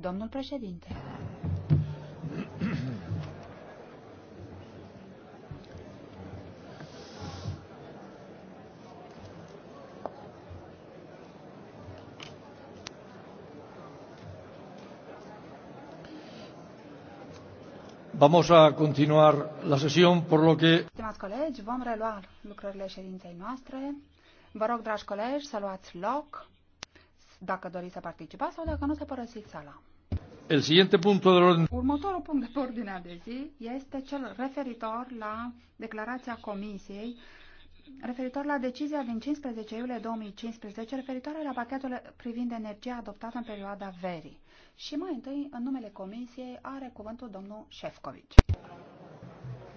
Domnul președinte. Vamos a continuar la sesión, por lo que... Stimați colegi, vom relua lucrările ședinței noastre. Vă rog, dragi colegi, să luați loc dacă doriți să participați sau dacă nu să părăsiți sala. El siguiente punto de orden. Următorul punct de ordine de zi este cel referitor la declarația Comisiei referitor la decizia din 15 iulie 2015 referitoare la pachetul privind energia adoptată în perioada verii. Și mai întâi, în numele Comisiei, are cuvântul domnul Șefcovici.